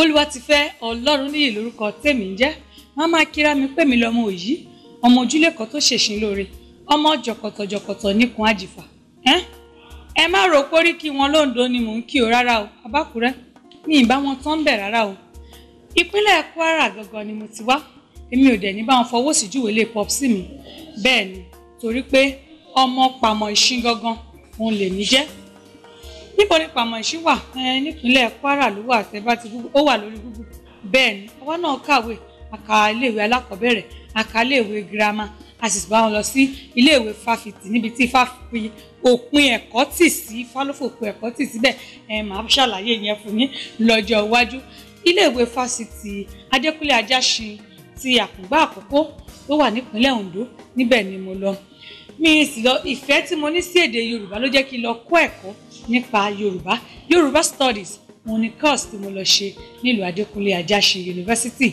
olùwàtìfẹ́ ọlọ́run níyì lórúkọ tèmi ń jẹ́ má máa kíra mi pè mí lọ́mọ òyì ọmọ ojúlé kan tó ṣèṣin lóore ọmọ jọ̀kọ̀tọ̀jọ̀kọ̀tọ̀ níkun àjìfà ẹ má rò pórí kí wọn lóńdó ni mò ń kí o rárá o abákùrẹ́ ní ìbá wọn tán bẹ̀ rárá o ìpínlẹ̀ kwara gangan ni mo ti wá èmi ò dẹ̀ ní bá wọn fọwọ́ sí júwèé lè pọ̀ sí mi bẹ́ẹ̀ ni torí pé ọmọ pàmò ìṣín gangan òun lè mí jẹ́ níbo ni pàmò ìṣín wà nípínlẹ̀ Kwara ló wà tẹ́bá ti Google ó wà lórí Google bẹ́ẹ̀ ni àwa náà kàwé àkà iléèwé alákọ̀ọ́bẹ̀rẹ̀ àkà iléèwé girama a sì bá wọn lọ sí iléèwé fáfitì níbi tí fáfi òpin ẹ̀kọ́ tì sí fálófòpin ẹ̀kọ́ tì síbẹ̀ ẹ̀ máa ṣàlàyé yẹn fún yín lọ́jọ́ iwájú iléèwé fásitì Adékúnlé Ajáṣin ti àkùngbá àkókó tó wà nípínlẹ̀ Ondo níbẹ̀ ni mo lọ mi sì lọ ìfẹ́ tí mo ní sí èdè Yorùbá ló jẹ́ kí n lọ kọ́ ẹ̀kọ́ nípa Yorùbá Yorùbá studies mo ni course tí mo lọ ṣe nílùú Adékúnlé Ajáṣe University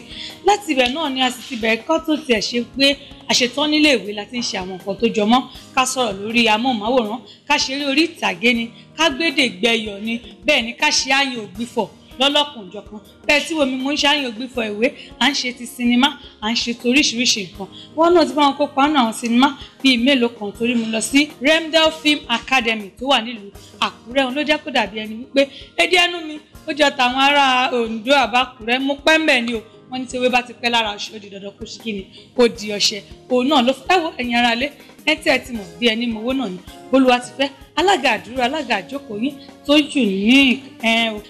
láti ibẹ̀ náà ni a sì ti bẹ̀rẹ̀ kọ́ tó tiẹ̀ ṣe pé àṣetán nílé ìwé la ti ń ṣe àwọn nǹkan tó jọmọ́ ká sọ̀rọ̀ lórí amóhùnmáwòrán ká ṣeré orí ìtàgé ni ká gbédègbẹyọ̀ ni bẹ́ẹ̀ ni ká ṣe ààyè ògbìfọ̀ lọ́lọ́kùnjọ̀kan bẹ́ẹ̀ tí wòmí mo ń ṣàyàn ògbé fọ ìwé à ń ṣe ti sinimá à ń ṣe ti oríṣiríṣi nǹkan wọn náà ti bá wọn kópa nínú àwọn sinimá bíi mélòó kan torí mo lọ sí Remdel Film Academy tó wà nílùú Àkúrẹ́ òun ló jẹ́ kó dàbí ẹni wípé èdè ẹnu mi ó jọ tàwọn ará Oǹdó àbákùrẹ́ mo pẹ́ mbẹ̀ ni o wọ́n ní tí bá ti pẹ́ lára ọṣẹ ó di dandan kó ṣe kí ni ó di ọṣẹ òun náà ló fẹ́ ẹ wo ẹ̀yin aráalé ẹ ẹ alága àdúrà alága àjókòó yín tó jù ní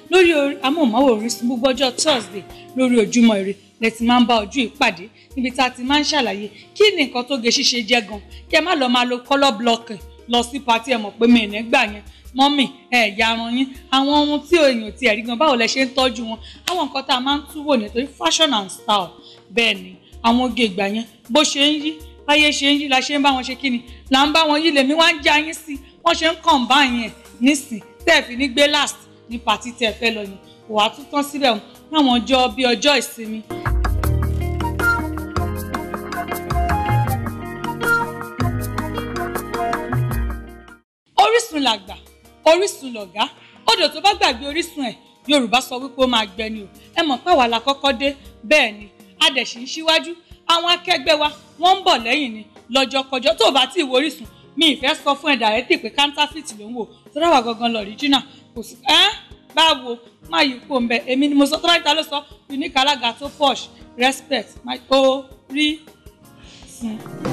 lórí amóhùnmáwòrán Orísun gbogbo ọjọ́ Thursday lórí ojúmọ́ ire lẹ ti máa ń bá ojú ìpàdé níbi tá a ti máa ń ṣàlàyé kí ni nǹkan tó ge ṣíṣe jẹ́ gan kí ẹ má lọ máa lo colour block lọ sí pati ẹ mọ̀ pé mi ì ní gbà yẹn mọ́mì ẹ̀ yaran yín àwọn ohun tí èèyàn ti ẹ̀rí gan báwo lẹ ṣe ń tọ́jú wọn àwọn nǹkan tá a máa ń túwò nítorí fashion and style bẹ́ẹ̀ ni àwọn oge ìgbà yẹn bó ṣe ń yí báyé ṣe ń yí la ṣe ń bá wọn ṣe kí ni là ń bá wọn yí lèmi wá ń já yín sí i wọ́n ṣe ń kàn bá yẹn nísìn tẹ́ fi ní gbé last ní pàtí tẹ́ fẹ́ lọ yẹn kò wá tún tán síbẹ̀ wọn láwọn ọjọ́ bí ọjọ́ ìsinmi. orísun làgbà orísun lọ̀gá odò tó bá gbàgbé orísun ẹ̀ yorùbá sọ wípé ó máa gbẹ o ẹ mọ̀ pé àwa kọ́kọ́ dé bẹ́ẹ̀ ni a ń síwájú àwọn akẹgbẹ́ wa wọ́n ń bọ̀ lẹ́yìn ni lọ́jọ́kọjọ́ tó o bá ti wo orísun mi ìfẹ́ sọ fún ẹ̀ dàrẹ́tì pé counterfeit ló ń wò sọ́dọ̀ wà gangan lọ original kò sí ẹ́ báwo má yí kó mbẹ èmi ni mo sọ tó bá níta ló sọ unique alága tó posh respect my orí sìn.